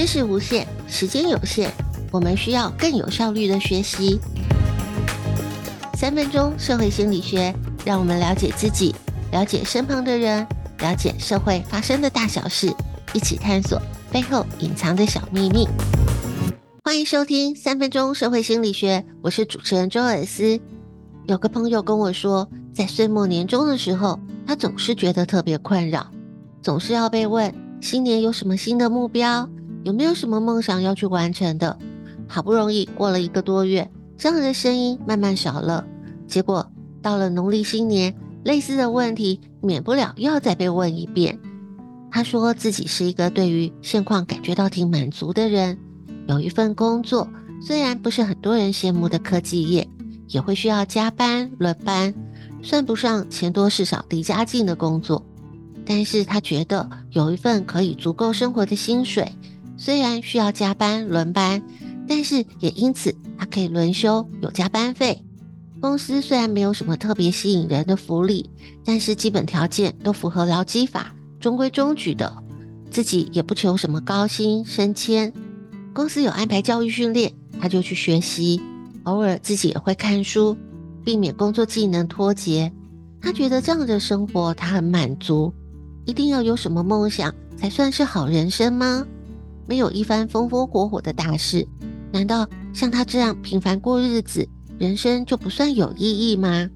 知識無限，時間有限，我們需要更有效率的學習。三分鐘社會心理學，讓我們了解自己，了解身旁的人，了解社會發生的大小事，一起探索背後隱藏的小秘密。歡迎收聽三分鐘社會心理學，我是主持人周爾思。有個朋友跟我說，在歲末年終的時候，他總是覺得特別困擾，總是要被問新年有什麼新的目標？有沒有什麼夢想要去完成的？好不容易過了一個多月，這樣的聲音慢慢小了。結果到了農曆新年，類似的問題免不了又要再被問一遍。他說自己是一個對於現況感覺到挺滿足的人，有一份工作，雖然不是很多人羨慕的科技業，也會需要加班輪班，算不上錢多事少離家近的工作，但是他覺得有一份可以足夠生活的薪水。雖然需要加班輪班，但是也因此他可以輪休，有加班費。公司雖然沒有什麼特別吸引人的福利，但是基本條件都符合勞基法，中規中矩的。自己也不求什麼高薪升遷。公司有安排教育訓練，他就去學習，偶爾自己也會看書，避免工作技能脫節。他覺得這樣的生活他很滿足，一定要有什麼夢想才算是好人生嗎？沒有一番風風火火的大事，難道像他這樣平凡過日子，人生就不算有意義嗎？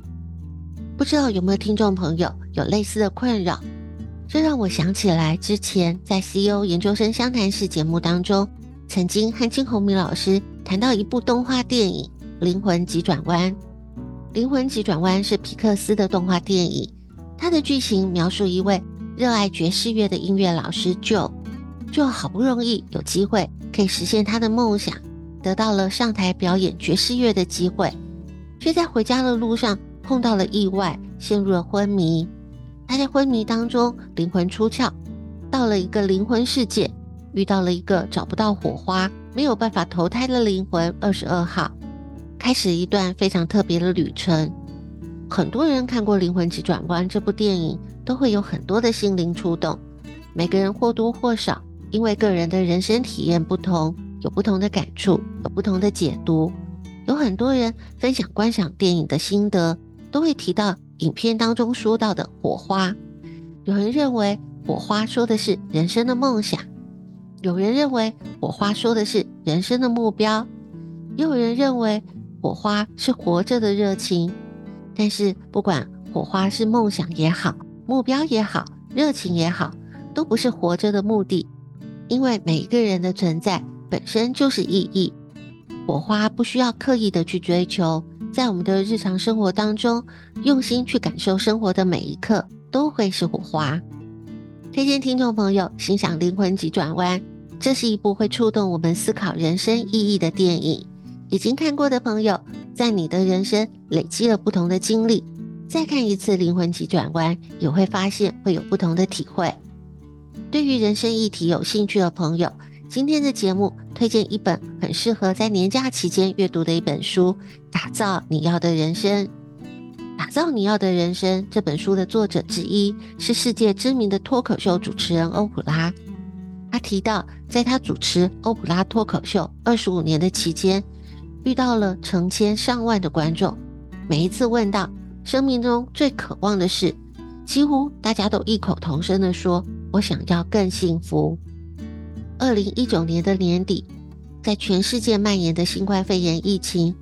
不知道有沒有聽眾朋友有類似的困擾？這讓我想起來之前在 CEO 研究生相談室節目當中，曾經和金宏明老師談到一部動畫電影《靈魂急轉彎》。《靈魂急轉彎》是皮克斯的動畫電影，它的劇情描述一位熱愛爵士樂的音樂老師 Joe。就好不容易有機會可以實現他的夢想，得到了上台表演爵士樂的機會，卻在回家的路上碰到了意外，陷入了昏迷。他在昏迷當中靈魂出竅，到了一個靈魂世界，遇到了一個找不到火花、沒有辦法投胎的靈魂22號，二十二號開始一段非常特別的旅程。很多人看過《靈魂急轉彎》這部電影，都會有很多的心靈觸動。每個人或多或少。因為個人的人生體驗不同，有不同的感觸，有不同的解讀。有很多人分享觀賞電影的心得，都會提到影片當中說到的火花。有人認為火花說的是人生的夢想，有人認為火花說的是人生的目標，也有人認為火花是活着的熱情。但是不管火花是夢想也好，目標也好，熱情也好，都不是活着的目的。因為每一個人的存在本身就是意義，火花不需要刻意的去追求，在我們的日常生活當中，用心去感受生活的每一刻，都會是火花。推薦聽眾朋友欣賞《靈魂急轉彎》，這是一部會觸動我們思考人生意義的電影。已經看過的朋友，在你的人生累積了不同的經歷，再看一次《靈魂急轉彎》，也會發現會有不同的體會。對於人生議題有興趣的朋友，今天的節目推薦一本很適合在年假期間閱讀的一本書，《打造你要的人生》。打造你要的人生這本書的作者之一是世界知名的脫口秀主持人歐普拉。他提到，在他主持歐普拉脫口秀二十五年的期間，遇到了成千上萬的觀眾，每一次問到生命中最渴望的事，幾乎大家都異口同聲地說。我想要更幸福。二零一九年的年底，在全世界蔓延的新冠肺炎疫情，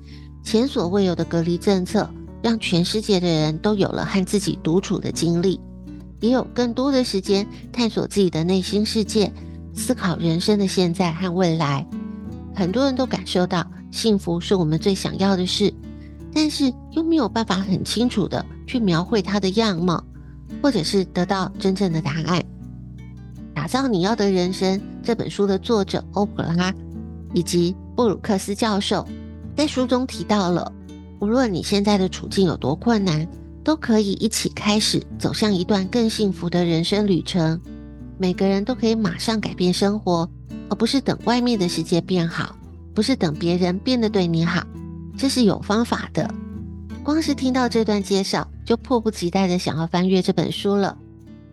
前所未有的隔離政策，讓全世界的人都有了和自己獨處的經歷，也有更多的時間探索自己的內心世界，思考人生的現在和未來。很多人都感受到幸福是我們最想要的事，但是又沒有辦法很清楚的去描繪它的樣貌，或者是得到真正的答案。打造你要的人生這本書的作者歐普拉以及布魯克斯教授在書中提到了，無論你現在的處境有多困難，都可以一起開始走向一段更幸福的人生旅程。每個人都可以馬上改變生活，而不是等外面的世界變好，不是等別人變得對你好。這是有方法的。光是聽到這段介紹，就迫不及待的想要翻閱這本書了。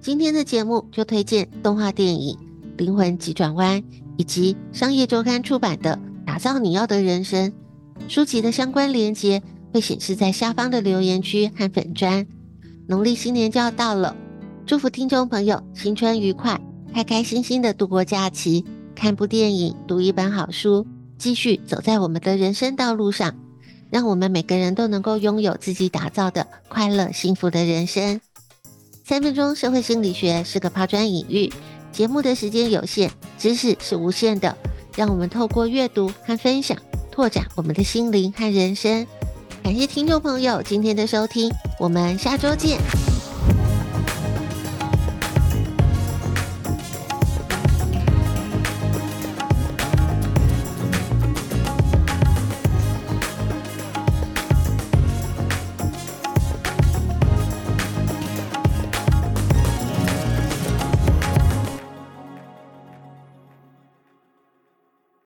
今天的節目就推薦動畫電影《靈魂急轉彎》，以及商業周刊出版的《打造你要的人生》書籍的相關鏈接，會顯示在下方的留言區和粉專。農曆新年就要到了，祝福聽眾朋友新春愉快，開開心心的度過假期，看部電影，讀一本好書，繼續走在我們的人生道路上，讓我們每個人都能夠擁有自己打造的快樂幸福的人生。三分鐘社會心理學是個拋磚引玉，節目的時間有限，知識是無限的，讓我們透過閱讀和分享，拓展我們的心靈和人生。感謝聽眾朋友今天的收聽，我們下周見。